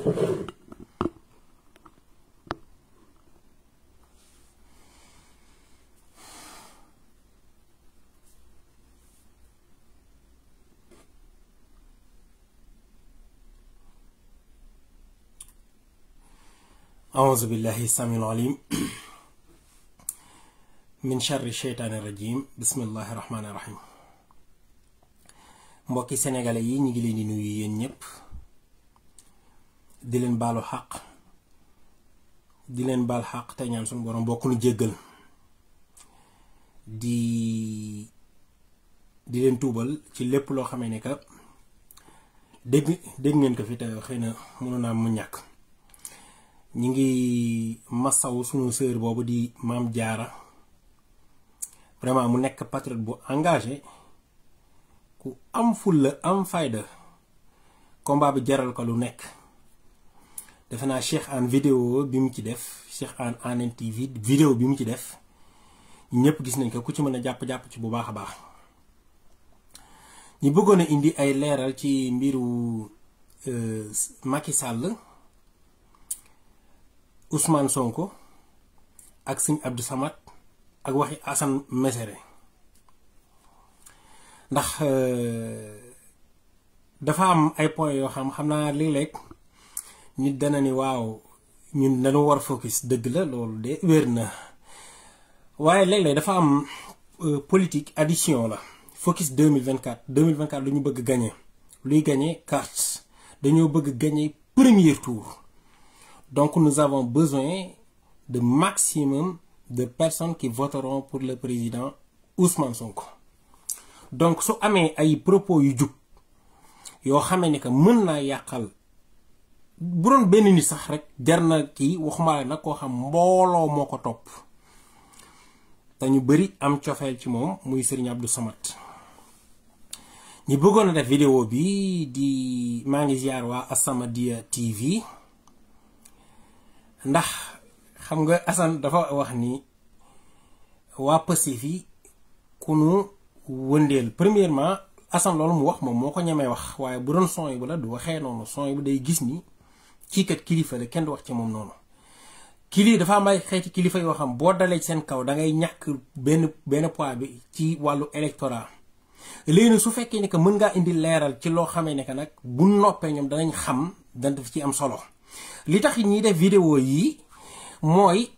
أعوذ بالله السميع العليم من شر الشيطان الرجيم بسم الله الرحمن الرحيم mbokki sénégalais yi ñu ngi di leen hak xaq di hak tay xaq ñaan suñu borom bokku ñu jéggal di di tubal tuubal ci lepp lo xamé ne ka deg deg ngeen ko fi xeyna mënu na mu ñak ñi ngi massaw suñu sœur bobu di mam jaara vraiment mu nekk patriote bu engagé ku am fulla am fayda combat bi jaral ko lu nekk defe naa Cheikh Anne vidéo bi mu ci def Cheikh Anne ANN TV vidéo bi mu ci def ñëpp gis nañ ko ku ci mën a jàpp-jàpp ci bu baax a baax ñu bëggoon a indi ay leeral ci mbiru euh, Macky sàll Ousmane Sonko ak sëñ Abdou Samad ak waxi Assane Mesere ndax euh, dafa am ay points yoo xam xam naa léeg lekk ñu dana ni waaw focus de politique addition la focus 2024 2024 lu ñu bëgg luy carte premier tour donc nous avons besoin de maximum de personnes qui voteront pour le président Ousmane Sonko donc su propos yu ni buron ben benn ni sax rek jar na kii waxumaale nag koo xam mbolo moko top ta ñu bari am ciofel ci mom muy Serigne Abdou Samad ñi bëggoon def vidéo bi di mangi ziar wa asamadia TV ndax xam nga asan dafa wax ni wa pacifi yi ku nu wëndeel premièrement asan loolu mu wax mom moko ñame wax waye bu son yi bu la du waxé nonu son yi bu day gis ni cii kat kilifa la kenn du wax ci moom noonu kili dafa am ay xeeti kilifa yoo xam boo dalee seen kaw da ngay ñàkk benn benn poids bi ci wàllu électorat léegi su fekkee ne que mën ngaa indi leeral ci loo xamee ne que nag bu noppee ñoom danañ xam dana def ci am solo li tax ñiy def vidéo yi mooy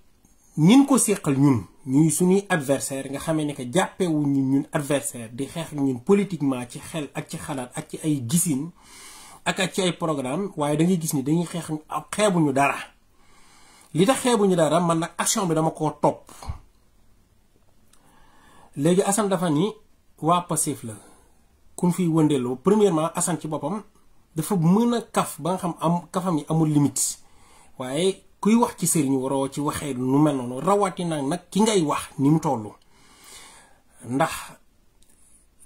ñin ko séqal ñun ñuy suñuy adversaire nga xamee ne que ñu ñun ñun adversaire di xeex ñun politiquement ci xel ak ci xalaat ak ci ay gisin ak ak ci ay programme waaye da gis ni dañuy xeex xeebuñu dara li tax xeebuñu dara man nag action bi dama ko topp léegi Assane dafa ni waa Pastef la kun fi wëndeeloo premièrement Assane ci boppam dafa mën a kaf ba xam am kafam yi amul limite waaye kuy wax ci sëriñ waroo ci waxee nu mel noonu rawatina nag ki ngay wax ni mu toll ndax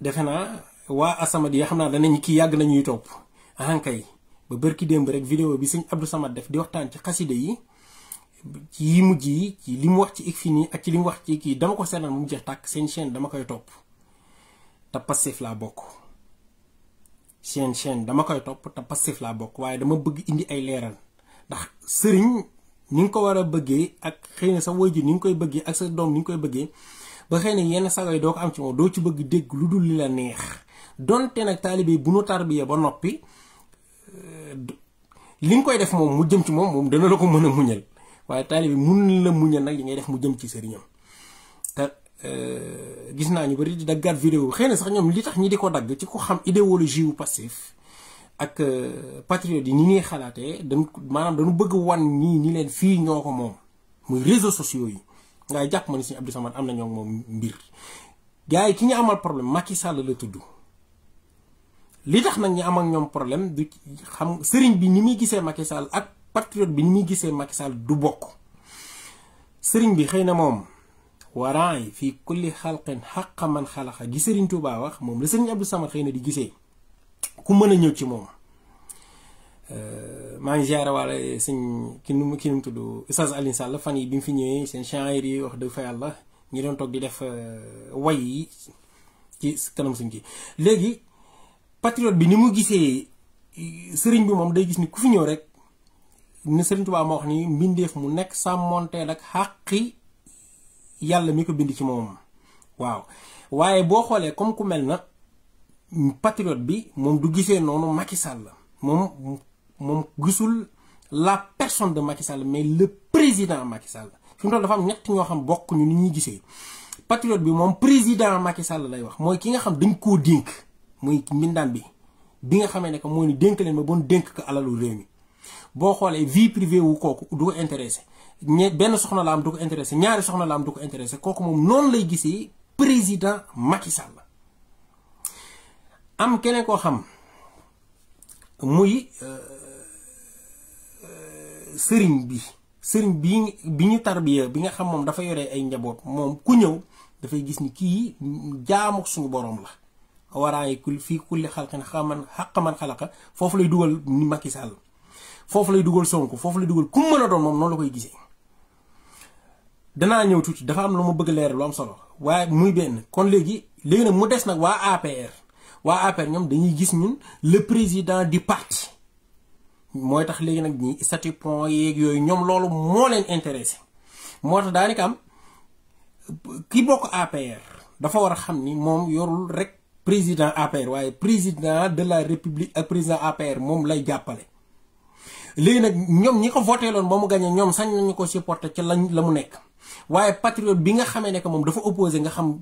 defe naa waa Asamad yi xam naa danañ kii yàgg nañuy topp. ankay ba bërki démb rek vidéo bi sëñ Abdou Samad def di waxtaan ci xaside yi ci yi mujj yi li mu wax ci Ikfini ak ci li mu wax ci kii dama ko seetaan mu jeex tàkk seen chaîne dama koy topp te passif laa bokk seen chaîne dama koy topp te passif laa bokk waaye dama bëgg indi ay leeral ndax sëriñ ni nga ko war a bëggee ak xëy na sa waajur ni nga koy bëggee ak sa doom ni nga koy bëggee ba xëy na yenn sagoy doo ko am ci moom doo ci bëgg dégg lu dul li la neex donte nag taalibe bu nu tarbiya ba noppi li nga koy def moom mu jëm ci moom moom dana la ko mën a muñal waaye taalibe bi mun la muñal nag li ngay def mu jëm ci sëriñam te euh, gis naa ñu bari di daggaat vidéo xëy na sax ñoom li tax ñi di ko dagg ci ko xam idéologie wu passif ak euh, patriote yi ni ñuy xalaatee ko maanaam dañu bëgg wan ñii ñi leen fii ñoo ko moom muy réseau sociaux yi ngay jàpp ma ni suñu Abdou Samad am na ñoo moom mbir gars yi ki ñu amal problème Macky Sall la tudd li tax nag ñu am ak ñoom problème du xam sëriñ bi ni muy gisee Macky ak patriote bi ni muy gisee Macky du bokk sëriñ bi xëy na moom waraay fii kulli xalqin xaqa man xalaqa gi sëriñ Touba wax moom la sëriñ Abdou Samad xëy na di gisee ku mën a ñëw ci moom euh, maa ngi ziare wala sëñ ki nu ki nu mu tudd Oustaz Alioune Sall fan yi bi mu fi ñëwee seen chanir yi wax dëgg fa yàlla ñi doon toog di def euh, way yi ci kanam suñ ki léegi patriote bi ni mu gisee eh, serigne bi moom day gis ni ku fi ñëw rek ni serigne Tuubaa mo wax ni mbindeef mu nekk sàmmonteel ak xàqi yàlla mi ko bind ci moom waaw waaye boo xoolee comme ku mel na patriote bi moom du gisee noonu Macky Sall moom moom gisul la personne de Macky Sall mais le président Macky Sall fi mu toll dafa am ñett ñoo xam bokk ñu ni ñuy gisee patriote bi moom président Macky Sall lay wax mooy ki nga xam dañ koo dénk muy mbindaan bi bi nga xamee ne que moo ni dénk leen ma bon dénk ko alalu réew mi boo xoolee vie privée wu kooku du ko intéressé benn soxna la am du ko intéressé ñaari soxna la am du ko moom noonu lay gisee président Macky Sall am keneen koo xam muy euh, euh, sëriñ bi sëriñ bi bi ñu tarbiya bi nga xam moom dafa yore ay njaboot moom ku ñëw dafay gis ni kii jaamu suñu boroom la waraay kul fi kulli xalqin xaman xaqa man xalaqa foofu lay dugal Macky Sall foofu lay dugal Sonko foofu lay dugal ku mën a doon moom noonu la koy gisee danaa ñëw tuuti dafa am lu bëgg leer lu am solo waaye muy ben kon legi legi mu des nag waa APR wa APR ñoom dañuy gis ñun le président du parti mooy tax legi nag ñi statut point yeeg yooyu ñoom loolu moo leen intéressé moo tax am ki bokk APR dafa war a xam ni moom yorul rek président APR président de la république président APR mom lay nak ñom voté gagné sañ supporter la nekk patriote bi nga xamé ne que dafa opposé nga xam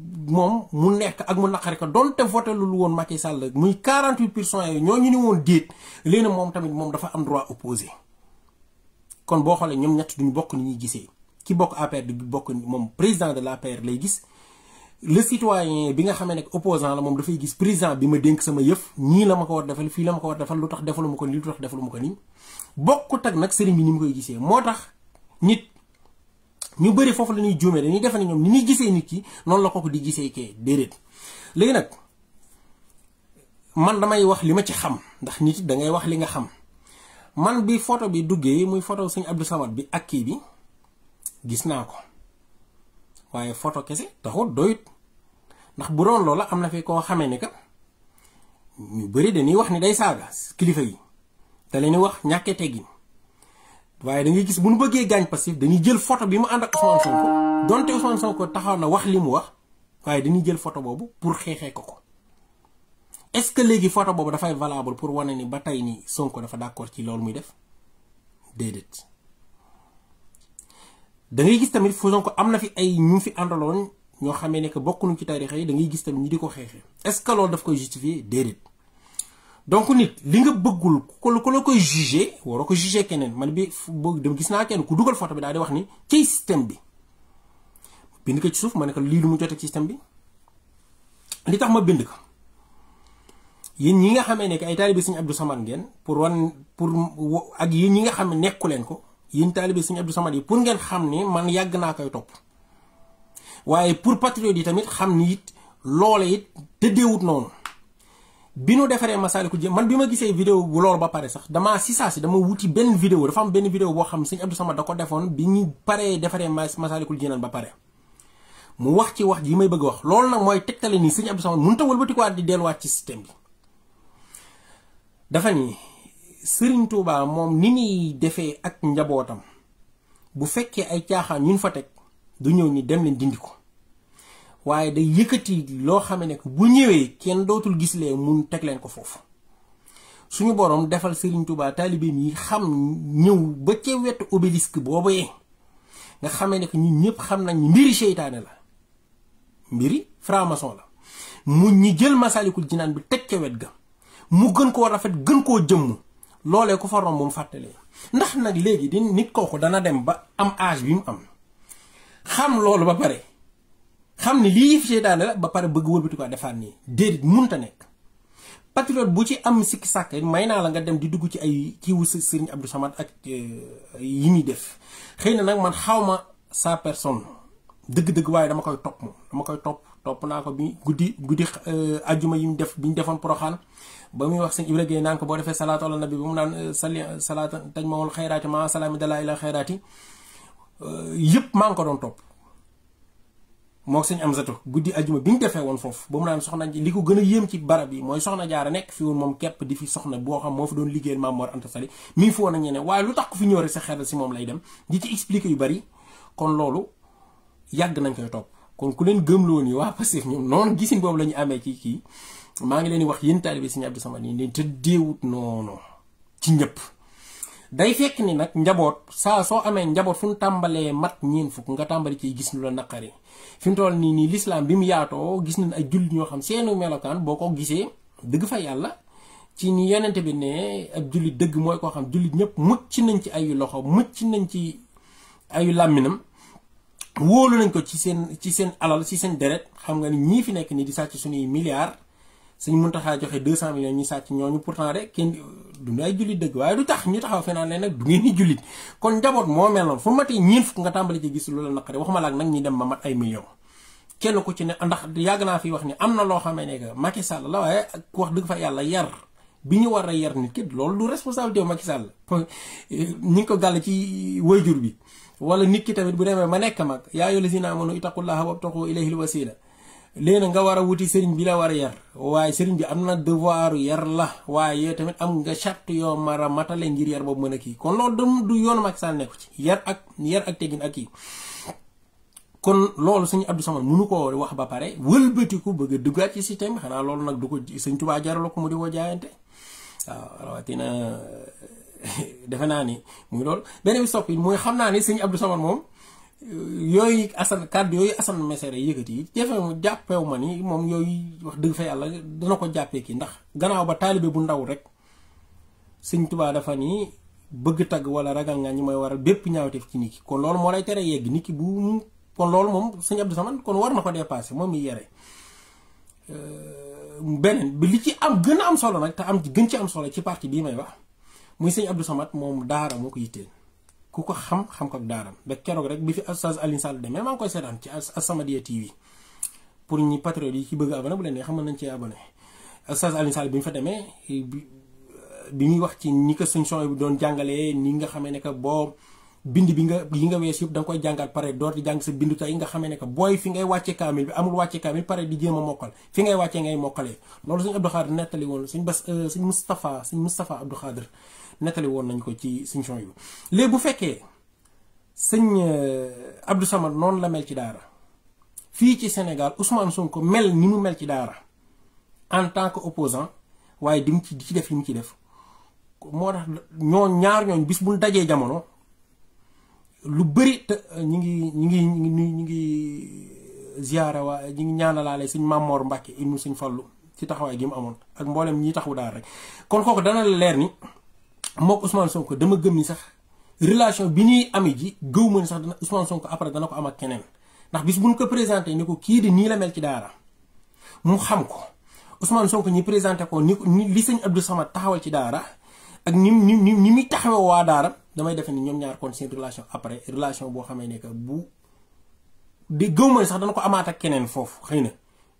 mu nekk ak mu ko donte voté muy 48 ñoo ñu ni woon dit tamit dafa am droit opposé kon bo xolé ñom ñatt duñu ni de le citoyen bi nga xamee ne opposant la moom dafay gis président bi ma dénk sama yëf ñii la ma ko war defal fii la ma ko war defal lu tax defalu ma ko nii lu tax defalu ma ko nii bokkut ak nag sëriñ bi ni mu koy gisee moo tax nit ñu bëri foofu la ñuy juumee dañuy defe ne ñoom ni ñuy gisee nit ki noonu la ko di gisee kee déedéet léegi nag man damay wax li ma ci xam ndax nit da ngay wax li nga xam man bi photo bi duggee muy photo sëñ Abdou Samad bi ak kii bi gis naa ko waaye photo kese taxut doyut ndax bu doon loola am na fi koo xamee ne que ñu bëri dañuy wax ni day saaga kilifa yi te leen wax ñàkkee teggin waaye da gis bu nu bëggee gaañ Pastef dañuy jël photo bi mu ànd ak Ousmane Sonko donte Ousmane Sonko taxaw na wax li mu wax waaye dañuy jël photo boobu pour xeexee ko ko est-ce que léegi photo boobu dafay valable pour wane ni ba tey ni Sonko dafa d'accord ci loolu muy def déedéet da gis tamit fu Sonko am na fi ay ñu fi àndaloon. ñoo xamee ne bokku ñu ci tariixa yi da ngay gis tam ñi diko xexé est ce que lool daf koy justifier dedet donc nit li nga bëggul ko ko la koy juger waro ko juger kenen man bi boo dem gis na kenn ku duggal photo bi da di wax ni ci système bi bind ko ci suuf man ko li lu mu jotté ci système bi li tax ma bind ko yeen ñi nga xamé ne que ay talibé seigne Abdou samane ngeen pour wan pour ak yeen ñi nga xam ne nekku leen ko yeen talibé seigne Abdou samane yi pour ngeen xam man yag na koy top waye pour patriote tamit xam ni it lolé it tëddeewut noonu bi nu defaree Masaalikul djé man bima gissé vidéo bu lolou ba paré sax dama si saa si dama wuti ben vidéo dafa am video vidéo bo xam seigne Abdou Samad dako biñu paré défaré ba pare mu wax ci wax yi may bëgg wax lolou nak moy tektalé ni seigne Abdou Samad mënut wëlbeuti wëlbatikuwaat di wat ci système bi dafa ni Sëriñ touba mom nimi défé ak njabotam bu fekkee ay ñun fa tek du ñëw ñi dem leen dindi ko waaye day yëkkati loo xam ne bu ñëwee kenn dootul gis lee mun teg leen ko foofu suñu borom defal Serigne Touba taalibeem yi xam ñëw ba ca wetu obélisque boobu yee nga xamee ne ñun ñëpp xam nañ mbiri seytaane la mbiri franc-maçon la mu ñi jël masalikul jinaan bi teg ca wet ga mu gën koo rafet gën koo jëmm loolee ko fa romb mu fàttalee ndax nag léegi di nit kooku dana dem ba am age bi mu am. xam loolu ba pare xam ni lii yëf seytaane la ba pare bëgg wëlbati ko defaat nii déedéet munta nekk patriote bu ci am sikki sàkk may naa la nga dem di dugg ci ay kiiwu sëriñ Abdou Samad ak euh, yi muy def xëy na nag man xawma sa personne dëgg-dëgg waaye dama koy topp moom dama koy topp naa ko bi guddi guddi euh, ajjuma yi mu def bi ñu defoon poroxaan ba muy wax sëñ Ibra Gueye naan ko boo defee salaatu ala bi ba mu naan euh, sali salaata taj ma woon xayraati maa salaami dalaa ila xayraati Euh, yépp maa ngi ko doon topp moog sëñ am zato guddi ajuma bi ñu defee woon foofu ba mu naan soxna li ko gën a yéem ci barab yi mooy soxna jaara nekk fi woon moom képp di fi soxna boo xam moo fi doon liggéeyal Maam Mor Anta Sali mi ngi fi woon ak ñeneen waaye lu tax ku fi ñëw rek sa xel si moom lay dem di ci expliquer yu bari kon loolu yàgg nañ koy topp kon ku leen loon ni waa Pastef ñoom noonu gisin boobu la ñu amee ci kii maa ngi leen di wax yéen taalibe sëñ Abdou Samad leen ne tëddeewut noonu ci ñëpp day fekk ni nag njaboot saa soo amee njaboot fu mu tàmbalee mat ñeen fukk nga tàmbali ciy gis lu la naqari fi mu toll nii nii lislaam bi mu yaatoo gis nañ ay jullit ñoo xam seenu melokaan boo ko gisee dëgg fa yàlla ci ni yonente bi ne ak jullit dëgg mooy koo xam jullit ñëpp mucc nañ ci ay loxo mucc nañ ci ay làmminam wóolu nañ ko ci seen ci seen alal ci seen deret xam nga ni ñii fi nekk nii di sàcc suñuy milliards suñ mun taxaa joxe deux cent millions ñu sàcc ñooñu pourtant rek kenn du ay jullit dëgg waaye du tax ñu taxaw fi leen nag du ngeen ni jullit kon njaboot moo mel noonu fu matee ñeen fukk nga tàmbali ci gis loola naqari waxuma laak nag ñi ku ne ndax yàgg naa fi wax ni am na loo xamee ne que Macky Sall la waaye ku wax dëgg fa yàlla yar bi ñu war a yar nit ki loolu du responsabilité wu Macky Sall ñi ngi ko gàll ci wayjur bi wala nit ki tamit bu demee ma nekk mag yaa ayyuhal lazina amanu ittaqullaha wabtaqu ilayhil wasila léegi nag nga war a wuti sëriñ bi la war a yar waaye sëriñ bi am na devoir yar la waaye tamit am nga charte yoo mar a matale ngir yar boobu mën a kii kon loolu dem du yoonu Macky Sall nekku ci yar ak yar ak teggin ak kii kon loolu sëñ Abdou Samad mënu ko wax ba pare wëlbatiku bëgg a duggaat ci système xanaa loolu nag du ko sëñ Tuubaa jaraloo ko mu di woo jaayante waaw rawatina defe naa ni muy loolu beneen bi soppi mooy xam naa ni sëñ Abdou Samad moom yoy asan kad yoy asan mesere yegati jefe mu jappew mani mom yoy wax deug fa yalla dana ko jàppee ki ndax ganaw ba taalibe bu ndaw rek seigne touba dafa ni bëgg tag wala ragal nga ñi mooy waral bépp ñaawteef ci niki kon lool mo lay tere yegg niki ki bu kon lool mom seigne Abdou Samane kon war na ko mom mi yéré yere euh, beneen bi li ci am gëna am solo nak ta am gën ci am solo ci parti bi may wax muy seigne Abdou Samane mom daara moko ko ku ko xam xam ko ak daaram ba keroog rek bi fi oustaz Alioune Sall demee maa ngi koy seetaan ci As-Samadiyya TV pour ñi patriote yi ci bëgg abonné bu leen ne xam nañ cee abonné oustaz Alioune Sall bi fa demee bi ñuy wax ci ni ko suñ son bi doon jàngalee ni nga xamee ne que boo bi nga yi nga wees yëpp da nga koy jàngal pare door di jàng sa bindu tey nga xamee ne que booy fi ngay wàcce kaamil bi amul wàcce kaamil pare di jéem a mokkal fi ngay wàccee ngay mokkalee loolu suñ Abdou Khadir nettali woon suñ bas euh, suñ Moustapha suñ Moustapha Abdou Khadir nettali woon nañ ko ci sëñ Souhaïbou léegi bu fekkee sëñ euh, abdu Samad noonu la mel ci daara fii ci Sénégal Ousmane Sonko mel ni mu mel ci daara en tant que opposant waaye di mu ci di ci def li mu ci def moo tax ñooñ ñaar ñooñ bis buñ dajee jamono lu bëri te ñu ngi ñu ngi ñu ngi ñu ngi ziyaara waa ñu ngi ñaanalaale sëñ Mamor Mbàkke ibnu sëñ Fallu ci taxawaay gi mu amoon ak mboolem ñi taxawu daara rek kon kooku dana leer ni mook Ousmane Sonko dama gëm ni sax relation bi ñuy amee ji gëw ma sax dana Ousmane après dana ko am ak keneen ndax bis bu ko présenté ni ko kii di nii la mel ci daara mu xam ko Ousmane Sonko ñi présenté ko ni li sëñ Abdou Samad taxawal ci daara ak ñi ñi ñi ñi muy taxawee waa daara damay defe ni ñoom ñaar kon seen relation après relation boo xamee ne que bu di gëw sax dana ko amaat ak keneen foofu xëy na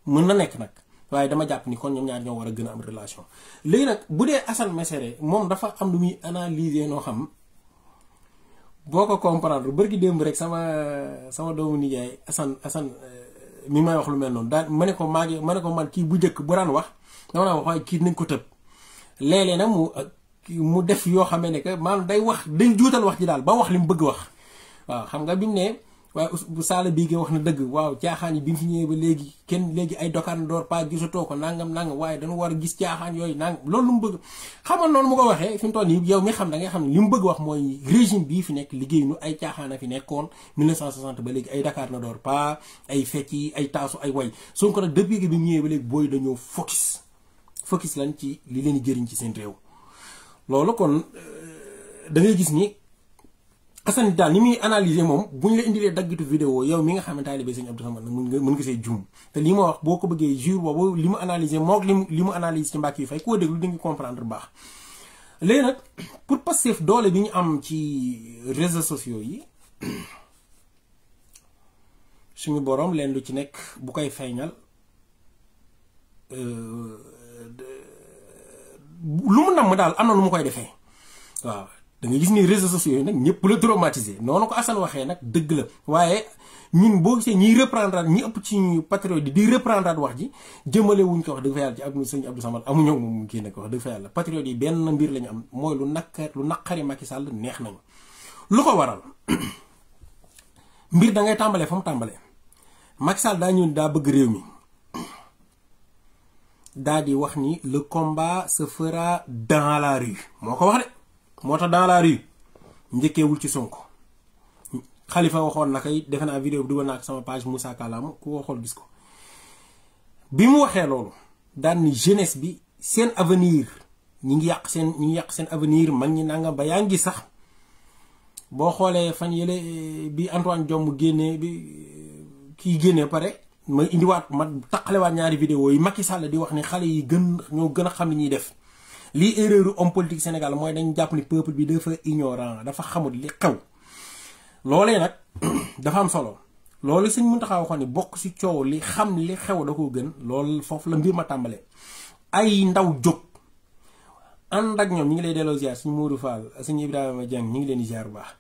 mën na nekk nag. waaye dama jàpp ni kon ñoom ñaar ñoo war a gën a am relation léegi nag bu dee Assane Mesere moom dafa am lu muy analyser noo xam boo ko comprendre bërki démb rek sama sama doomu nijaay Assane Assane euh, mi may wax lu mel noonu daal ma ne ko maa ngi ma ne ko man kii bu njëkk bu daan wax dama naa wax waaye kii nañ ko tëb léeg-léeg nag mu mu def yoo xamee ne que day wax day juutal wax ji daal ba wax li mu bëgg wax waaw xam nga bi mu ne waaye saala bii nga wax na dëgg waaw caaxaan yi bi nga fi ñëwee ba léegi kenn léegi ay dokaan door pa gisatoo ko nangam nangam waaye dañu war a gis caaxaan yooyu nangam loolu lu mu bëgg xamal noonu mu ko waxee fi mu toll nii yow mi xam da ngay xam ne li mu bëgg wax mooy régime bii fi nekk liggéey nu ay caaxaan a fi nekkoon 1960 ba léegi ay Dakar na door pa ay fecc yi ay taasu ay way Sonko nag depuis que bi mu ñëwee ba léegi booy dañoo focus focus lan ci li leen di jëriñ ci seen réew loolu kon euh, da ngay gis ni Assane daal ni muy analyser moom bu ñu la indilee daggitu vidéo yow mi nga xam ne taalibe Sëñ Abdou Samad mën nga mën nga see juum te lii ma wax boo ko bëggee jur boobu li mu analyser moo li mu li mu analyse ci mbàkk yu fay koo déglu di nga comprendre baax. léegi nag doole bi ñu am ci réseaux sociaux yi suñu boroom leen lu ci nekk bu koy feeñal euh, lu mu daal am na lu mu koy defee waaw. da nga gis ni réseaux sociaux nak ñepp ñëpp la traumatisé noonu ko Assane waxee nak deug la waaye ñun bo gisé ñi reprendre ñi ëpp ci ñu patriote di reprendre wax ji jëmele wuñ ko wax dëgg fa ci ak seigne Abdou Samad amu ak moom kii nak wax dëgg fa yàlla patriote yi ben mbir lañu am moy lu nak lu nakari Macky Sall neex nañu lu ko waral mbir da ngay tambalé fam tambalé Macky Sall da ñun da bëgg réew mi da di wax ni le combat se fera dans la rue moko wax de moo tax dans la njëkkee njëkkeewul ci Sonko xalifa waxoon nag kay defe naa vidéo bi dugal naa sama page Moussa Kalaam ku waxoon gis ko bi mu waxee loolu daan ni jeunesse bi seen avenir ñi ngi yàq seen yàq seen avenir mag ñi nanga ba yaa ngi sax boo xoolee fan yële eh, bi Antoine Diome génne bi eh, kii génnee pare ma indiwaat ma taqalewaat ñaari vidéo yi mag Macky Sall di wax ne xale yi gën ñoo gën a xam li ñuy def li erreur homme politique sénégal moy dañu japp ni peuple bi dafa ignorant dafa xamul li xew lolé nak dafa am solo lolé seigne muntaha taxaw waxoon ni bokk si coow li xam li xew da ko gën lol foofu la mbir ma tambalé ay ndaw jóg and ak ñom ñi ngi lay delloo ziar suñu Modou Fall seigne Ibrahima jang ñi ngi leen di ziar bu baax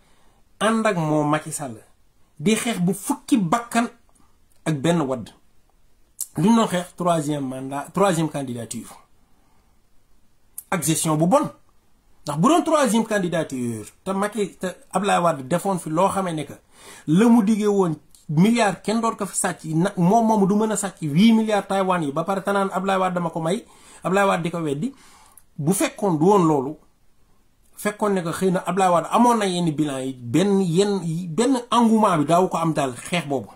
and ak mo Macky Sall di xex bu fukki bakkan ak ben wad li ñu doon xeex troisième mandat troisième candidature ak gestion bu bon ndax bu doon troisième candidature te Macky te Abdoulaye wad defone fi lo xamé ne que la mu digé won milliard ken dor ko fi sacc mom mom du meuna sacc 8 milliards taiwan yi ba par tanan Abdoulaye wad dama ko may Abdoulaye wad diko weddi bu fekkon du won lolu fekkon ne que xëy na Abdoulaye Wade na yenn bilan yi ben yenn ben engouement bi daw ko am dal xex bobu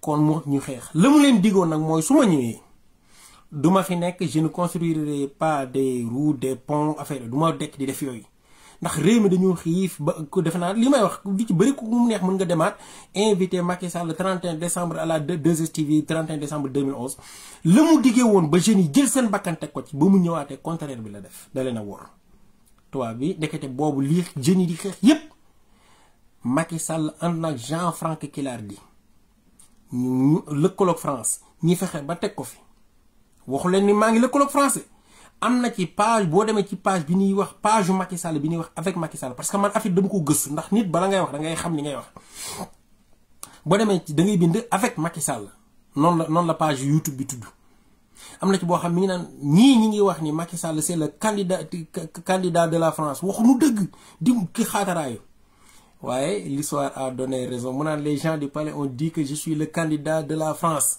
kon mu ñu xex le mu len digon nak moy suma ñewé je ne construirai pas des routes des ponts affaire faire ma dekk di def yoy ndax réew dañu ba ko wax ci Sall le 31 décembre à la 2 31 décembre 2011 le mu diggee ba jeunes yi jël sen bakanté ko ci ba mu contraire bi la def dalena wor a bi bobu li yi di xex yépp Sall Jean-Franck Kilard ñu France ñi fexé ba tek waxu leen ni colloque français amna ci page bo demé ci page bi ni wax page Macky Sall bi ni wax avec Macky Sall parce que man affaire dama ko geuss ndax nit bala ngay wax da ngay xam ni ngay wax bo demé ci da ngay bind avec Macky Sall non la non la page YouTube bi tudd amna ci bo xam mi ngi nan ñii ñi wax ni Macky Sall c'est le candidat candidat de la France nu deug di ki xaataraayu ouais l'histoire a donné raison maintenant les gens du palais ont dit que je suis le candidat de la France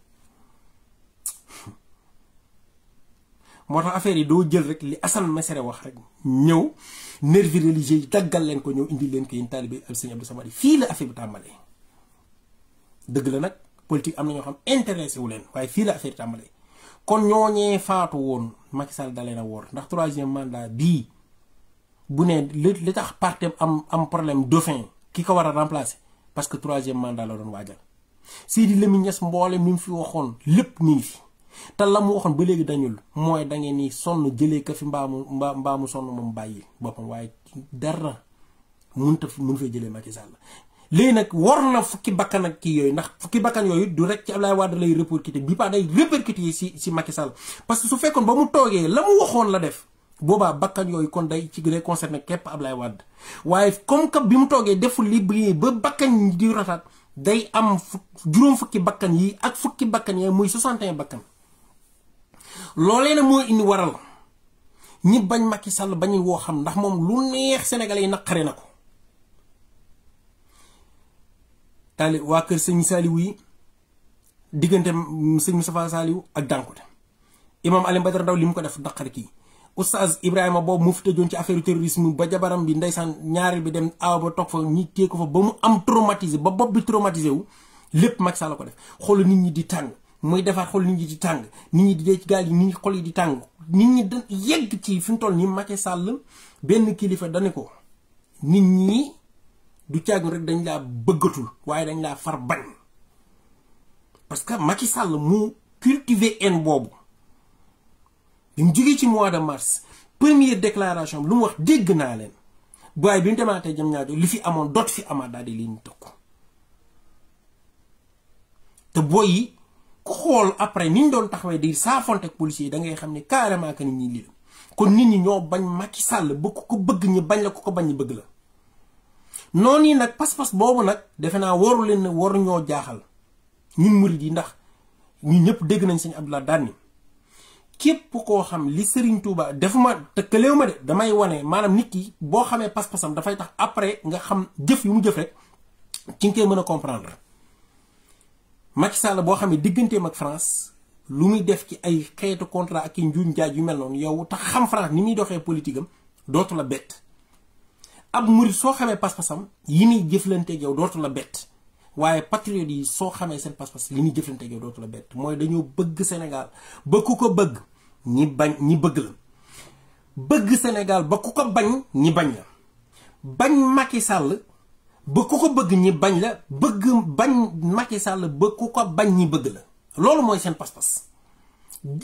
moo tax affaire yi doo jël rek li Assane Mesere wax rek ñëw nervi religieux yi daggal leen ko ñëw indi leen ko yéen taalibe ak sëñ Abdou Samad yi fii la affaire bi tàmbalee dëgg la nag politique am na ñoo xam intéressé wu leen waaye fii la affaire bi tàmbalee kon ñooñee faatu woon Macky Sall na woor ndax troisième mandat bii bu ne li li tax parti am am problème dauphin ki ko war a remplacer parce que troisième mandat la doon waajal sii di Niass mboole mi mu lépp mi ngi fi. te la mu waxoon ba léegi dañul mooy da ngeen ni sonn jëlee ka fi mbaamu mbaa mbaamu sonn moom bàyyi boppam waaye dara te a mën fee jëlee Macky la léegi nag war na fukki bakkan ak kii yooyu ndax fukki bakkan yooyu du rek ci Abdoulaye Wade lay répercuté bi pas day répercuté si si Macky parce que su fekkoon ba toogee la mu waxoon la def boobaa bakkan yooyu kon day ci day concerné képp Abdoulaye Wade waaye comme que bi mu toogee deful li ba bakkan di rataat day am juróom fukki bakkan yi ak fukki bakkan yooyu muy 61 bakkan. loolee na moo indi waral ñi bañ Macky sàll bañuy woo xam ndax moom lu neex sénégalais yi naqare na ko taali waa kër sëñ Saliou yi diggante sëñ Moustapha Saliou ak Dankouté imam Alioune Badara Ndaw li mu ko def naqari kii oustaz Ibrahima boobu mu fi tëjoon ci affaire terrorisme ba jabaram bi ndeysaan ñaareel bi dem aw ba toog fa ñi téye ko fa ba mu am traumatisé ba bopp bi traumatisé wu lépp Macky Sall ko def xoolu nit ñi di tàng muy defar xol nit ñi di tàng nit ñi di dee gaal yi nit ñi xol yi di tàng nit ñi da yegg ci fi mu toll nii Macky Sall benn kilifa dane ko nit ñi du caagu rek dañ laa bëggatul waaye dañ laa far bañ parce que Macky sàll mu cultiver haine boobu bi mu jógee ci mois de mars première déclaration lu mu wax dégg naa leen waaye bi mu demaatee ñaa ñaajo li fi amoon dootu fi amaat daal di leen toog te booy ku xool après ni ñu doon taxawee di saafonte ak policiers yi da xam ni carrément que nit ñi lii la kon nit ñi ñoo bañ Macky sàll ba ku ko bëgg ñi bañ la ku ko bañ ñi bëgg la. noonu yi nag pas-pas boobu nag defe naa waru leen ne waru ñoo jaaxal ñun murid yi ndax ñun ñëpp dégg nañ sëñ Abdoulaye daan ni képp koo xam li Serigne Touba defuma këlew ma de damay wane maanaam nit ki boo xamee pas-pasam dafay tax après nga xam jëf yu mu jëf rek ci nga koy mën a comprendre. Macky Sall boo xam ne digganteem ak France lu muy def ci ay xeetu contrat ak i njuuñ jaaj yu mel noonu yow tax xam France ni muy doxee politique am dootu la bett ab murit soo xamee pas-pasam yi muy jëflanteeg yow dootu la bett waaye patriote yi soo xamee seen pas-pas li muy jëflanteeg yow dootu bett mooy dañoo bëgg Sénégal ba ku ko bëgg ñi bañ ñi bëgg la bëgg Sénégal ba ku ko bañ ñi bañ la bañ Macky Sall ba ku ko bëgg ñi bañ la bëgg bañ Macky Sall ba ku ko bañ ñi bëgg la loolu mooy seen pas-pas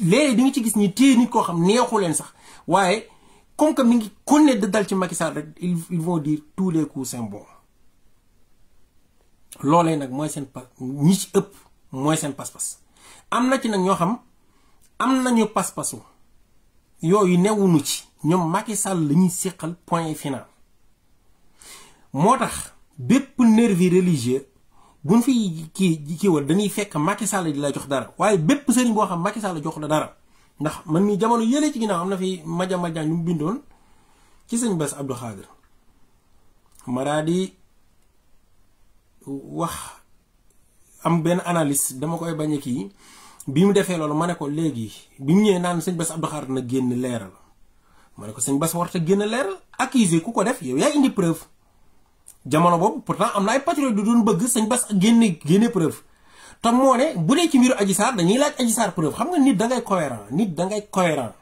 léegi di nga ci gis ñi téye nit koo xam neexu leen sax waaye comme que mi ngi konne da dal ci Macky rek ils vont dire tous les coups c'est bon loolee nag mooy seen pas ñi ci ëpp mooy seen pas-pas am na ci nag ñoo xam am nañu pas-pasu yooyu newuñu ci ñoom Macky Sall la ñuy séqal point final moo tax bépp nervi religieux buñ fi kii kiiwal dañuy fekk Macky Sall di la jox dara waaye bépp sëriñ boo xam Macky Sall jox la dara ndax man mii jamono yële ci ginnaaw am na fi maja maja mu bindoon ci sëñ Bass Abdou Khadre maraa di wax am benn analyse dama koy bañ a kii bi mu defee loolu ma ne ko léegi bi mu naan sëñ Bass Abdou Khadre na génn leeral ma ne ko sëñ Bass warta génn leeral accusé ku ko def yow yaa indi preuve jamono boobu pourtant am naay ay du doon bëgg sañ bas génne génne preuve te moo ne bu dee ci mbiru Adji Sarr dañuy laaj Adji Sarr preuve xam nga nit da ngay cohérent nit da ngay cohérent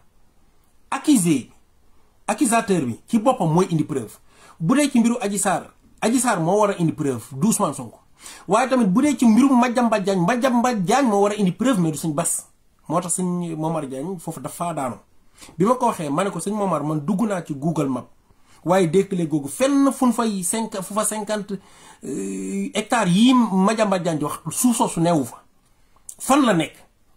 accusé bi ci boppam mooy indi preuve bu dee ci mbiru Adji Sarr Adji Sarr moo war a indi preuve du Ousmane Sonko waaye tamit bu dee ci mbirum Madiambal Diagne Madiambal Diagne moo war a indi preuve mais du sañ bas moo tax sëñ Momar Diagne foofu dafa daanu bi ma ko waxee ma ne ko sëñ Momar man dugg naa ci Google Map waaye Dékélé gogu fenn fuñ fay 5 fu fa cinquante euh, hectares yii Madiambal Diagne wax suuf soosu neewu fa fan la nek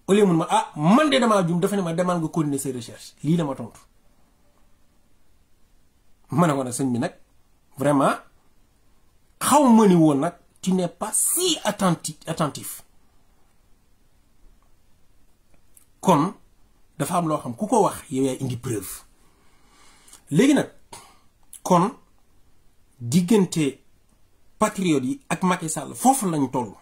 au lieu mun ma ah man de damaa jum dafa ne ma demal nga continuer ses recherches li la ma tontu ma ne ko bi nak vraiment xaw ma ni won nak tu n'es pas si attentif attentif kon dafa am lo xam kuko wax yow yaay indi preuve légui nak kon diggante patriote yi ak Macky sàll foofu lañ toll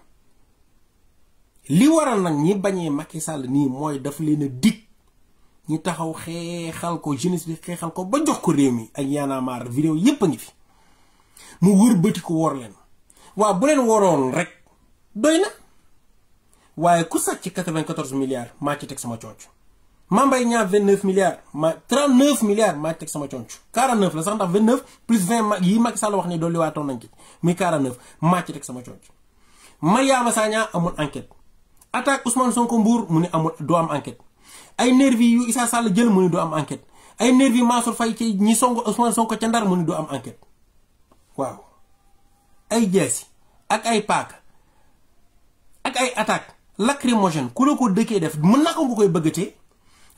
li waral nag ñi bañee makki sàll nii mooy daf leen a dig ñu taxaw xeexal ko jeunesse bi xeexal ko ba jox ko réew mi ak yaanaamaar vidéo yépp a ngi fi mu wër bëti ko wor leen waaw bu leen woroon rek doy na waaye ku sàcc 94 milliards maa ci teg sama cooc Mame Mbaye Niang 29 milliards ma 39 milliards maa teg sama conc 49 la sax ndax 29 plus 20 yi Macky Sall wax ne dolli waatoon nañ ci muy 49 maa ci teg sama conc Mariama Sagna amul enquête attaque Ousmane Sonko Mbour mu ne amul doo am enquête ay nervi yu Issa Sall jël mu ne doo am ay nervi Mansour Faye ci ñi song Ousmane Sonko ca Ndar mu ne doo am enquête waaw ay jeesi ak ay paaka ak ay attaque lacrymogène ku la ko dëkkee def mën naa ko nga koy bëggatee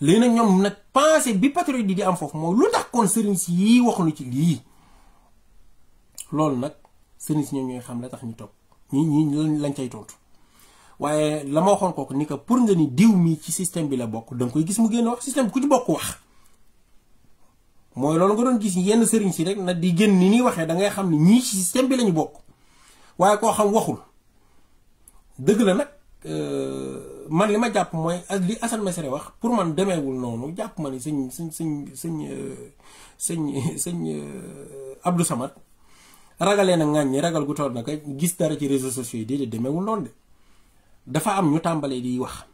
léegi nag ñoom nag pensée bi patriote yi di am foofu mooy lu tax kon sëriñ si yii waxuñu ci lii loolu nag sëriñ si ñoom ñooy xam la tax ñu topp ñi ñi lañ cay tontu waaye la ma waxoon kooku ni ko pour nga ni diw mii ci système bi la bokk da koy gis mu génn wax système bi ku ci bokk wax mooy loolu nga doon gis yenn sëriñ si rek na di génn ni ni waxee da ngay xam ne ñii ci système bi lañu bokk waaye koo xam waxul dëgg la nag. Euh, man li ma jàpp mooy li Assane Mesere wax pour man demeewul noonu jàpp ma ni sëñ sëñ sëñ sëñ sëñ sëñ euh, Abdou Samad ragalee na ŋàññi ragal gu toll nag ko gis dara ci réseaux sociaux yi déedéet demeewul noonu de dafa am ñu tàmbalee di wax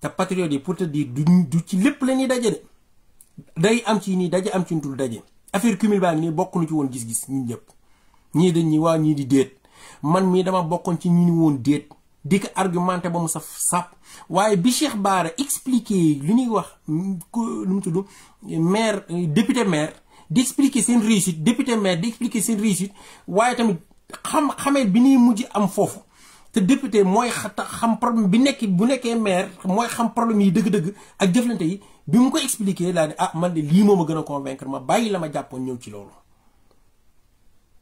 te patriote yi pour te dire du du ci lépp la ñuy daje de day am ci nii daje am ci dul daje affaire cumul baa ngi nii bokk ci woon gis-gis ñun ñëpp ñii dañ ñi waa ñii di déet man mii dama bokkoon ci ñu ni woon déet di ko argumenté ba mu saf sàpp waaye bi Cheikh Bara expliqué li ñuy wax lu mu tudd maire député maire di expliqué seen réussite député maire di expliqué seen réussite waaye tamit xam xamee bi ñuy mujj am foofu te député mooy xam problème bi nekk bu nekkee maire mooy xam problème yi dëgg-dëgg ak jëflante yi bi mu ko expliqué daal di ah man de lii moom a gën a convaincre ma bàyyi la ma jàppoon ñëw ci loolu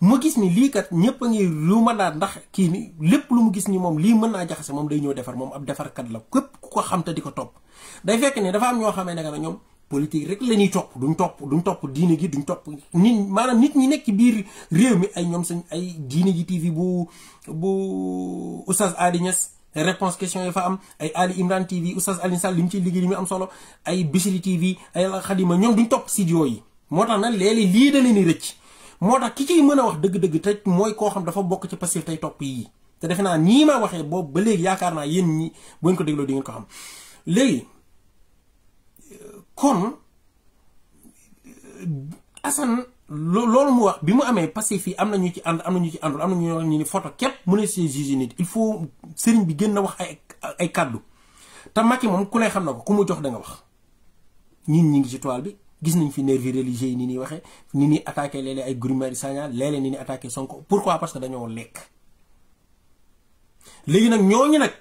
ma gis ni lii kat ñëpp a ngi lu ma naa ndax kii ni lépp lu mu gis ni moom lii mën naa jaxase moom day ñëw defar moom ab defarkat la képp ku ko xam te di ko topp day fekk ni dafa am ñoo xamee ne que ñoom politique rek la topp duñ topp duñ topp diine gi duñ topp nit maanaam nit ñi nekk ci biir réew mi ay ñoom sañ ay diine gi TV bu bu Oustaz Adi Niass réponse question yi fa am ay Ali Imran TV Oustaz Alioune Sall li ciy liggéey li mu am solo ay Bichri TV ay Xadima ñoom duñ topp studio yi moo tax na léeg-léeg lii da leen di rëcc moo tax ki ciy mën a wax dëgg-dëgg te mooy koo xam dafa bokk ci Pastef tey topp yi te defe naa nii ma waxee boobu ba léegi yaakaar naa yéen ñi bu ñu ko dégloo di ngeen ko xam léegi kon Assane loolu mu wax bi mu amee Pastef fii am na ñu ci ànd am na ñu ci àndul am na ñu ñu ni photo képp mu ne see juge nit il faut sëriñ bi gën a wax ay ay kàddu te Macky moom ku ne xam na ko ku mu jox danga wax ñun ñi ngi ci toile bi. gis nañ fi nervi religieux yi ni ñuy waxee ni ñuy attaqué léeg-léeg ay Guy Marius Sagna léeg-léeg ni ñuy attaqué Sonko pourquoi parce que dañoo lekk léegi nag ñooñu nag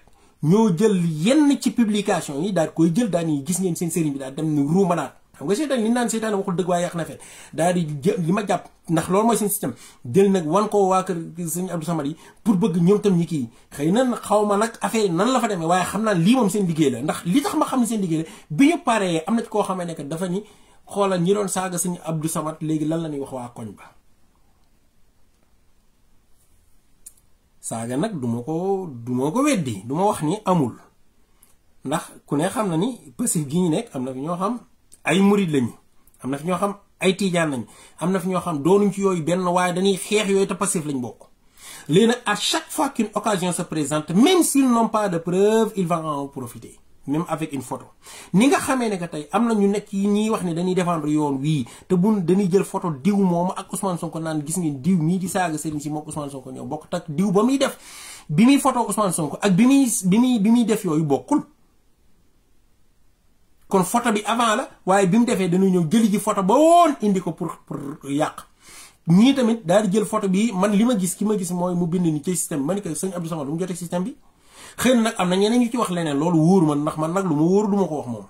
ñoo jël yenn ci publication yi daal koy jël daal yi gis ngeen seen sëriñ bi daal dem ni ruumanaat xam nga seetaan li naan seetaan waxul dëgg waaye yàq na fe daal di jël li ma jàpp ndax loolu mooy seen système jël nag wan ko waa kër sëñ Abdou Samad yi pour bëgg ñoom tam ñi kii xëy na xaw ma nag affaire nan la fa demee waaye xam naa lii moom seen liggéey la ndax li tax xam seen liggéey la bi ñu paree am na ci koo ne dafa ni xolal ñi doon saaga sëñ Abdou Samad léegi lan la ñuy wax waa koñ ba saaga nag duma ko duma ko weddi duma wax ni amul ndax ku ne xam na ni passif gi ñu nekk am na fi ñoo xam ay murid lañu am na fi ñoo xam ay tiijaan lañu am na fi ñoo xam doonuñ ci yooyu benn waaye dañuy xeex yooyu te passif lañ bokk léegi à chaque fois qu'une occasion se présente même s'ils n'ont pas de preuve il va en profiter même avec une photo ni nga xamé ne tay amna ñu nek yi ñi wax né dañuy défendre yoon wi te buñ dañuy jël photo diw mom ak Ousmane Sonko nan gis ngeen diw mi di saga serigne ci mok Ousmane Sonko ñoo bok tak diw ba mi def bi mi photo Ousmane Sonko ak bi mi bi mi bi mi def yoyu bokul kon photo bi avant la waye bi mu defé dañu ñew jël ji photo ba won indi ko pour pour yaq ni tamit daal jël photo bi man lima gis kima gis moy mu bind ni ci système manika serigne Abdou Samad mu jotté système bi xëy na nag am na ñeneen ñu ci wax leneen loolu wóor ma ndax man nag lu ma wóoru du ko wax moom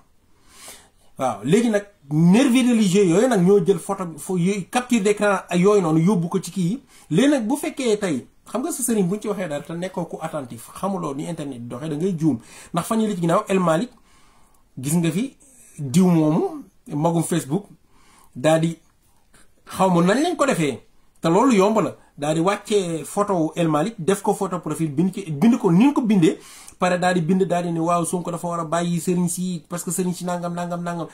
waaw léegi nag nervi religieux yooyu nag ñoo jël photo yooyu capture d'écran yooyu noonu yóbbu ko ci kii yi nag bu fekkee tey xam nga si sëriñ bu ci waxee daal te nekkoo ku attentif xamuloo ni internet di doxee da juum ndax fan yii la ci ginnaaw El Malick gis nga fi diw moomu magum Facebook daal di xaw ma nañ lañ ko defee te loolu yomb la. daal di wàccee photo wu El def ko photo profil bind ci bind ko ni ñu ko bindee pare daal di bind daa di ne waaw Sonko dafa war a bàyyi sëriñ si parce que sëriñ si nangam nangam nangam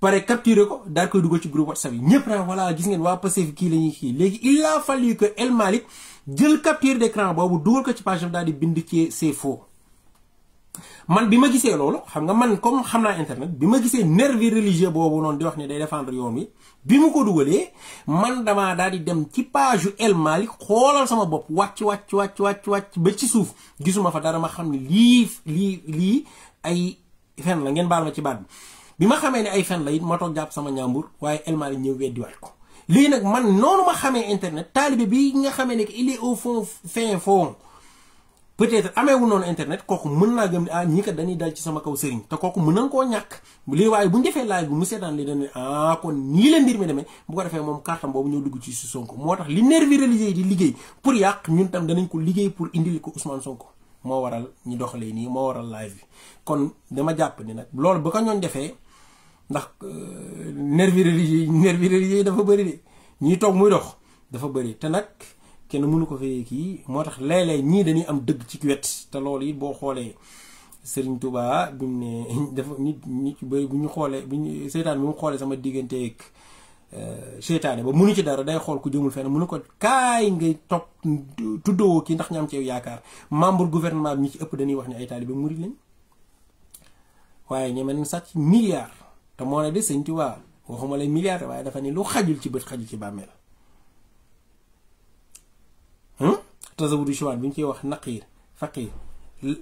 pare capturé ko daal koy dugal ci groupe WhatsApp yi ñëpp naan voilà gis ngeen waa Pastef kii la kii léegi il a fallu que El Malick jël capture d'écran boobu dugal ko ci page am daal di bind ci c'est faux man bi ma gisee loolu xam nga man comme xam naa internet bi ma gisee nervi religieux boobu noonu di wax ni day défendre yoon wi bi mu ko dugalee man damaa daal di dem ci page yu El Malik xoolal sama bopp wàcc wàcc wàcc wàcc wàcc ba ci suuf gisuma fa dara ma xam ne lii lii lii ay fen la ngeen baal ma ci baat bi bi ma xamee ne ay fen la it ma toog jàpp sama ñaambur waaye El Malik ñëw weddi waat ko lii nag man noonu ma xamee internet taalibe bi nga xamee ne il est au fond fin fond peut-être ameewu noonu internet kooku mën naa gëm ne ah ñii dal ci sama kaw sëriñ te kooku mën nañ koo ñàkk lii waaye bu ñu defee live bi mu seetaan li dañuy ah kon nii la mbir mi demee bu ko defee moom kartam boobu ñoo dugg ci si moo tax li nervi religieux yi di liggéey pour yàq ñun tam danañ ko liggéey pour indil ko Ousmane Sonko moo waral ñu doxalee nii moo waral live bi kon dama jàpp ni nag loolu ba ko ñooñ defee ndax euh, nervi religieux yi nervi religieux yi dafa bëri de ñuy toog muy dox dafa bëri te nag kenn mënu ko fee kii moo tax léeg-léeg ñii dañuy am dëgg ci wet te lool yi boo xoolee sëriñ tubaa bi ne dafa nit nit bay bu ñu xoolee bu ñu seytaane bi mu xoolee sama digganteeg euh, seytaane ba mënu ci dara day xool ku jëmul fenn mënu ko kaay ngay topp tuddoo kii ndax ñu am ci yaakaar membre guvernement bi ñu ci ëpp dañuy wax ne ay taalibe murid lañ waaye ñemeen sàcc milliard te moo ne de Serigne Touba waxuma lay milliard waaye dafa ne lu xajul ci bët xajul ci bàmmee la tasawudu chiwaan bi ñu ciy wax naqiir faqiir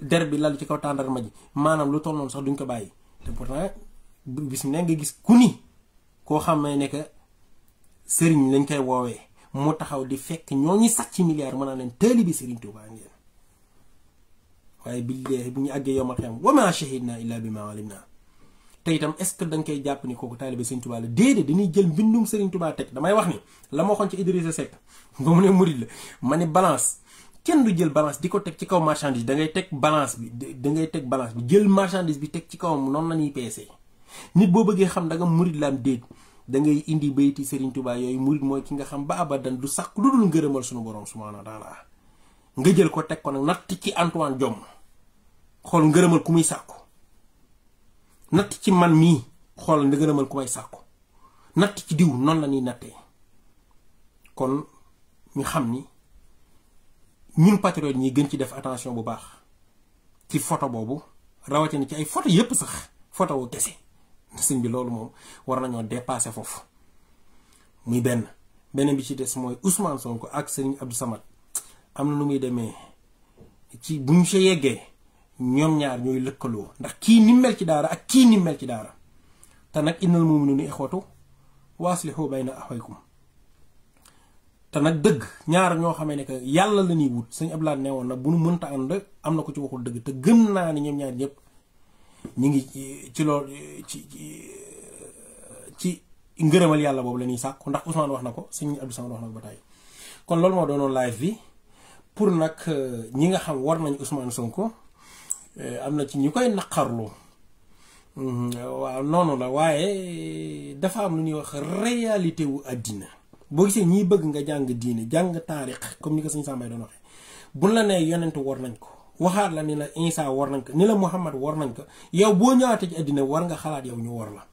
der bi lalu ci kaw tàndarma ji maanaam lu toll noonu sax duñ ko bàyyi te pourtant bis ne nga gis ku ni koo xam ne que sëriñ lañ koy woowee mu taxaw di fekk ñoo ñi sàcc milliards mën naa leen tëli bi sëriñ Tuubaa ngeen waaye billahi bu ñu àggee yowmal qiyaam wa maa shahidnaa illaa bimaa alimnaa te itam est ce que dañ koy jàpp ni kooku taalibe Sëriñ Tuubaa la déedéet dañuy jël mbindum Sëriñ Tuubaa teg damay wax ni la ma ci Idrissa Seck ba mu ne murid ma ne balance kenn du jël balance di tek ci kaw marchandise da ngay tek balance bi da ngay tek balance bi jël marchandise bi tek ci kaw non la ñuy nit bo bëggee xam da nga murid lam déet da ngay indi beyti Serigne Touba yoy mourid moy ki nga xam ba abadan du sax lu dul ngeureumal suñu borom subhanahu wa taala nga jël ko tek ko nak nat ci Antoine diom xol ngeureumal kumuy muy nat ci man mi xol ngërëmal ku may sàkku ci diw non la naté kon ñu xam ni. ñun patriote ñi gën ci def attention bu baax ci photo boobu rawatina ci ay photo yépp sax photo wu kese sëñ bi loolu moom war nañoo dépassé foofu muy benn beneen bi ci des mooy Ousmane Sonko ak sëñ abdu Samad am na nu muy demee ci bu ñu sa yeggee ñoom ñaar ñooy lëkkaloo ndax kii ni mel ci daara ak kii ni mel ci daara te nag innal mu'minina waas wa aslihu na axawaykum te nag dëgg ñaar ñoo xamee ne yàlla la ñuy wut sëñ Abdoulaye ne woon na bu nu mënta ànd am na ko ci waxul dëgg te gën naa ni ñoom ñaar ñëpp ñu ngi ci loolu ci ci ngërëmal yàlla boobu la ñuy sàkku ndax Ousmane wax na ko sëñ Abdou Samad wax na ko ba tey kon loolu moo doonoon live bi pour nag euh, ñi nga xam war nañ Ousmane Sonko euh, am na ci ñu koy naqarlu waaw noonu la waaye dafa am lu ñuy wax réalité wu àddina bo gisé ñi bëgg nga jàng diiné jàng taarix comme ni ko sëñ Sambay doon waxé buñ la né yonent war nañ ko waxaat la ni la Insa war nañ ko ni la Muhammad war nañ ko yow bo ñëwaatee ci adina war nga xalaat yow ñu war la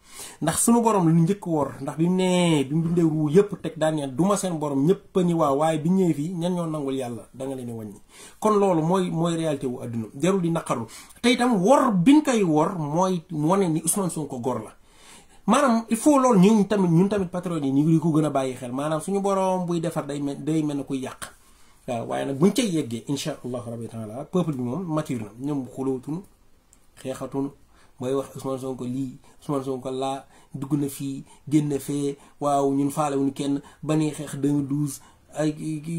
ndax suñu borom lu njëkk war ndax bi né nee bi mu dundee ruu yëpp teg daan du seen borom ñëpp ñi wa way bi ñëw fi ñan ñoo nangul yalla da nga leen wañi kon loolu moy moy réalité wu àdduna jarul di naqaru tay tam war biñ kay war moy wane ni usman Sonko gor la maanaam il faut loolu ñun tamit ñun tamit patriotes yi ñu ngi ko gën a bàyyi xel maanaam suñu boroom buy defar day mel day mel ne kuy yàq waaw waaye nag buñ cay yeggee incha allahu rabi taala peuple bi moom mature na ñoom xulootuñu xeexatuñu mooy wax Ousmane Sonko lii Ousmane Sonko laa dugg na fii génn fee waaw ñun faalewuñu kenn ba ñuy xeex 2012 ay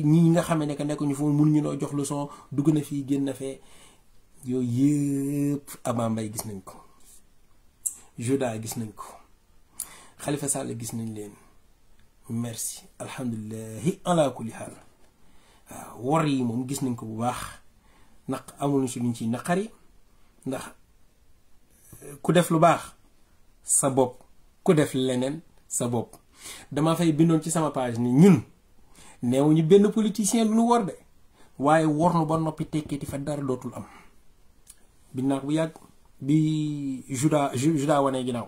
ñi nga xam ne que nekk ñu fa mënuñu noo jox lu leçon dugg na fii génn fee yooyu yëpp Abba Mbaye gis nañ ko Joda gis nañ ko. خليفة سالك جسنا لين ميرسي الحمد لله هي على كل حال آه، وري مم جسنا كبوخ نق أمون سلنتي نقري نخ كدف لبخ سبب كدف لنن سبب دما في بنوتي سما باج نين نيو ني بن بوليتيسيان لو ورد واي ورنو با نوبي تيكيتي فا دار دوتول ام بناك بو بي جودا جودا وانا غيناو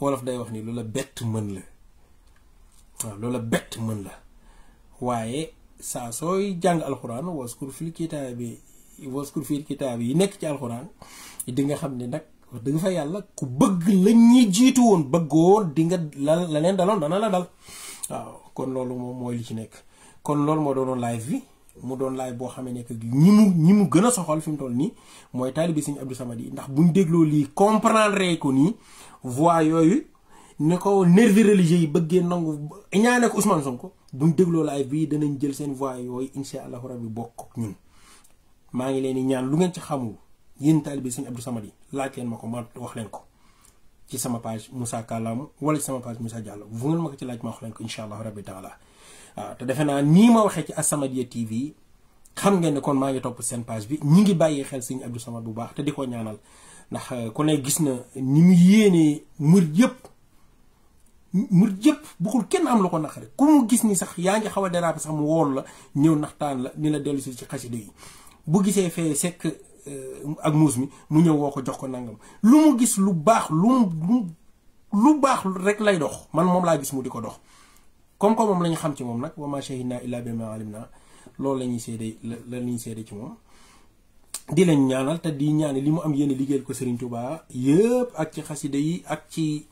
wolof day wax ni lu la bett mën la waaw lu bett mën la waaye saa sooy jàng alxuraan waskur fil kitaab bi waskur fil kitaab yi nekk ci alxuraan di nga xam ni nag wax fa yàlla ku bëgg la ñuy jiitu woon bëggoon di nga la la leen daloon dana la dal waaw kon loolu moom mooy li ci nekk kon loolu moo doonoon live bi mu doon laay boo xamee ne que ñi mu ñi mu gën a soxal fi mu toll nii mooy taalibi Sëriñ Abdou Samad yi ndax buñ dégloo lii comprendre ko nii voix yooyu ni ko nervi religieux yi bëggee nangu ñaane ko Ousmane Sonko buñ dégloo laay bii danañ jël seen voix yooyu incha allahu rabi bokk ak ñun. maa ngi leen di ñaan lu ngeen ci xamul yéen taalibi Sëriñ Abdou Samad yi laaj leen ma ko ma wax leen ko ci sama page Moussa Kalaam wala ci sama page Moussa Diallo bu ngeen ci laaj ma wax leen ko incha allahu rabi waaw ah, te defe naa nii ma waxee ci TV xam ngeen kon ma ngi top sen page bi ñi ngi bàyyi xel suñu Abdou Samad bu baax te diko ñaanal ndax eh, ku ne gis na ni mu yéenee mur yëpp mur kenn am lako ko ku mu gis ni sax yaa ngi xaw sax mu wool la ñew naxtaan la ni la delu ci yi bu gisee fe sekk eh, ak muus mi mu ñew woko jox ko nangam lu mu gis lu baax lu lubah lu baax rek lay dox man mom la gis mu diko dox comme que moom la ñu xam ci moom nag wa maa shahidnaa illaa bimaa alimnaa loolu la ñuy seede la ñuy seede ci moom di leen ñaanal te di ñaane li mu am yéene liggéeyal ko Serigne Touba yëpp ak ci xasida yi ak ci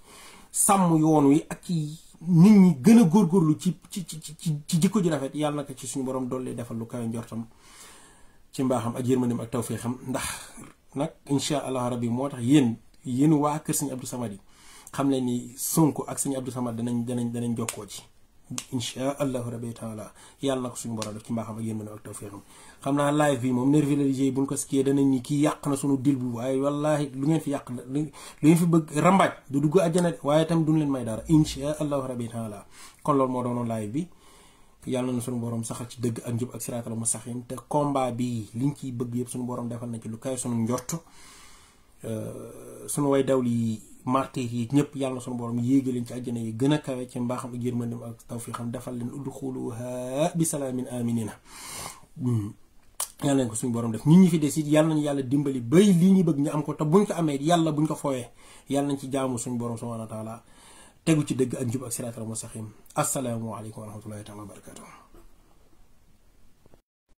sàmm yoon wi ak ci nit ñi gën a góor góorlu ci ci ci ci jikko ju rafet yàlla na ci suñu borom dolli defal lu kawe njortam ci mbaaxam ak yërmandeem ak tawféexam ndax nag incha allah rabbi moo tax yéen yéen waa kër Serigne Abdou Samad yi xam leen ni Sonko ak Serigne Abdou danañ danañ danañ jokkoo ci. insha allahu rabbi taala yàlla na ko suñu borom def ci mbaaxam ak yéen mën ak tawfiixam xam naa live bi moom nervi la ko danañ ñi kii yàq na suñu dil bu waaye wallahi lu ngeen fi yàq lu ngeen fi bëgg rambaaj du dugg àjjana waaye tam duñ leen may dara insha allahu rabbi taala kon loolu moo doonoon live bi yàlla na suñu borom saxal ci dëgg ak njub ak siraatal mustaqiim te combat bi liñ ciy bëgg yëpp suñu borom defal na ci lu kay suñu njort euh, suñu way dawli martyr yi ñëpp yàlla suñu sunu borom yéegi leen ci àjjana yi gën a kawe ci mbaaxam ak yërmandem ak tawfiixam defal leen udxuluha bi salaamin aminina hmm. yàlla nañ ko suñu borom def nit ñi fi des it yàlla nañu yàlla dimbali bay lii ñu bëgg ñu am ko te buñ ko amee yàlla buñ ko fooyee yàlla nañ ci jaamu suñu borom subhaanahu wa taala tegu ci dëgg ak njub ak siraatal mustaqim assalaamu aleykum wa rahmatullahi taala wa barakatuh